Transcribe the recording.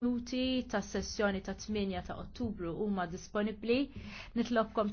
minuti ta' sessjoni ta' 8 ta' ottubru huma disponibbli. Nitlobkom